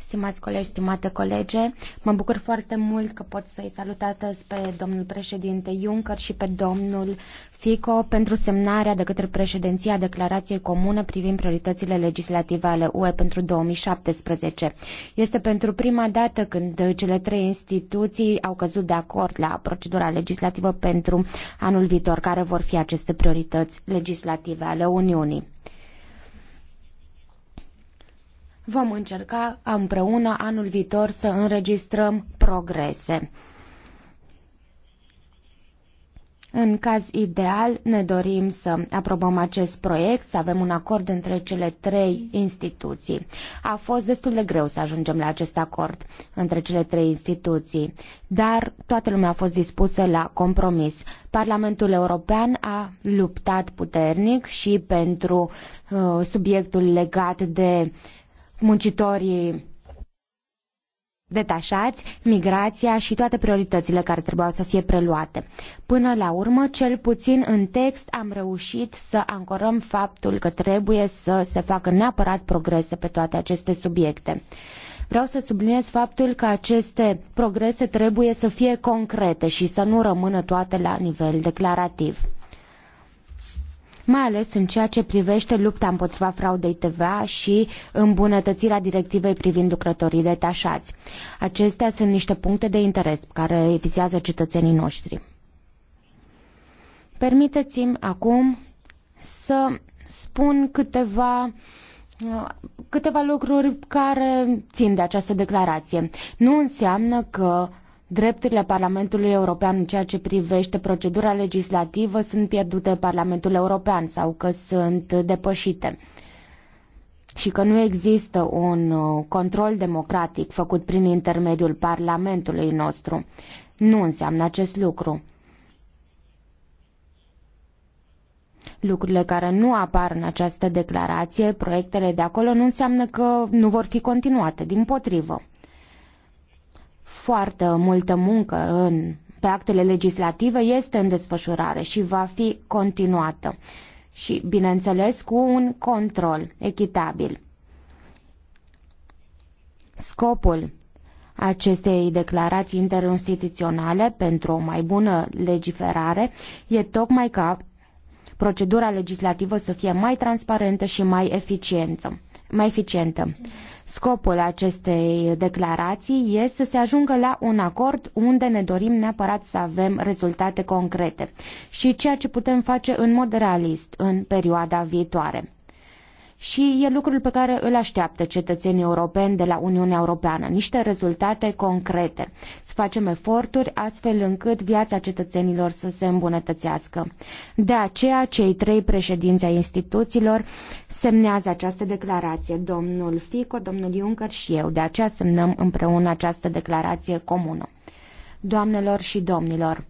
Stimați colegi, stimate colege, mă bucur foarte mult că pot să-i salut astăzi pe domnul președinte Juncker și pe domnul Fico pentru semnarea de către președinția declarației comune privind prioritățile legislative ale UE pentru 2017. Este pentru prima dată când cele trei instituții au căzut de acord la procedura legislativă pentru anul viitor, care vor fi aceste priorități legislative ale Uniunii. Vom încerca împreună anul viitor să înregistrăm progrese. În caz ideal, ne dorim să aprobăm acest proiect, să avem un acord între cele trei instituții. A fost destul de greu să ajungem la acest acord între cele trei instituții, dar toată lumea a fost dispusă la compromis. Parlamentul European a luptat puternic și pentru uh, subiectul legat de uh, muncitorii detașați, migrația și toate prioritățile care trebuiau să fie preluate. Până la urmă, cel puțin în text am reușit să ancorăm faptul că trebuie să se facă neapărat progrese pe toate aceste subiecte. Vreau să subliniez faptul că aceste progrese trebuie să fie concrete și să nu rămână toate la nivel declarativ mai ales în ceea ce privește lupta împotriva fraudei TVA și îmbunătățirea directivei privind lucrătorii detașați. Acestea sunt niște puncte de interes care vizează cetățenii noștri. Permiteți-mi acum să spun câteva uh, câteva lucruri care țin de această declarație. Nu înseamnă că Drepturile Parlamentului European în ceea ce privește procedura legislativă sunt pierdute Parlamentul European sau că sunt depășite și că nu există un uh, control democratic făcut prin intermediul Parlamentului nostru. Nu înseamnă acest lucru. Lucrurile care nu apar în această declarație, proiectele de acolo, nu înseamnă că nu vor fi continuate, din potrivă foarte multă muncă în, pe actele legislative este în desfășurare și va fi continuată și, bineînțeles, cu un control echitabil. Scopul acestei declarații interinstituționale pentru o mai bună legiferare e tocmai ca procedura legislativă să fie mai transparentă și mai eficientă mai eficientă. Scopul acestei declarații este să se ajungă la un acord unde ne dorim neapărat să avem rezultate concrete și ceea ce putem face în mod realist în perioada viitoare și e lucrul pe care îl așteaptă cetățenii europeni de la Uniunea Europeană, niște rezultate concrete. Să facem eforturi astfel încât viața cetățenilor să se îmbunătățească. De aceea, cei trei președinți ai instituțiilor semnează această declarație, domnul Fico, domnul Juncker și eu. De aceea semnăm împreună această declarație comună. Doamnelor și domnilor,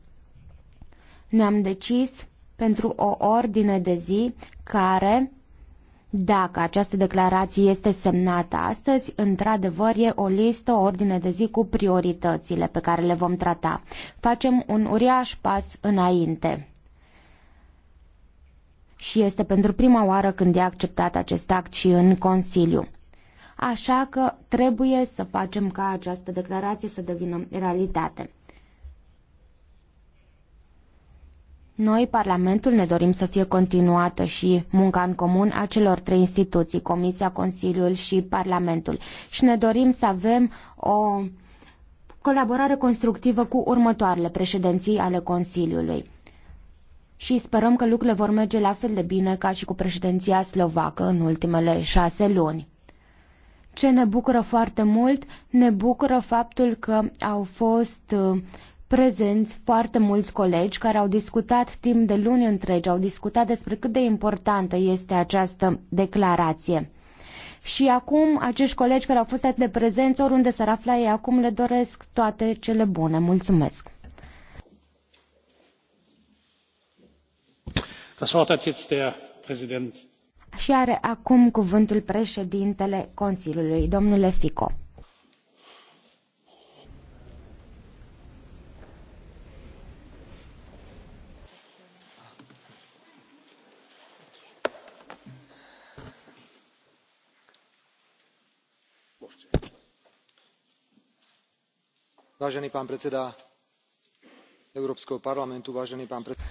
ne-am decis pentru o ordine de zi care dacă această declarație este semnată astăzi, într-adevăr e o listă, o ordine de zi cu prioritățile pe care le vom trata. Facem un uriaș pas înainte. Și este pentru prima oară când e acceptat acest act și în Consiliu. Așa că trebuie să facem ca această declarație să devină realitate. Noi, Parlamentul, ne dorim să fie continuată și munca în comun a celor trei instituții, Comisia, Consiliul și Parlamentul. Și ne dorim să avem o colaborare constructivă cu următoarele președinții ale Consiliului. Și sperăm că lucrurile vor merge la fel de bine ca și cu președinția slovacă în ultimele șase luni. Ce ne bucură foarte mult, ne bucură faptul că au fost uh, prezenți foarte mulți colegi care au discutat timp de luni întregi, au discutat despre cât de importantă este această declarație. Și acum acești colegi care au fost atât de prezenți, oriunde s-ar afla ei acum, le doresc toate cele bune. Mulțumesc! Das Wort hat jetzt der Präsident. Și are acum cuvântul președintele Consiliului, domnule Fico. vážený pán predseda európskeho parlamentu vážený pán predseda komisie vážené kolegyne a kolegovia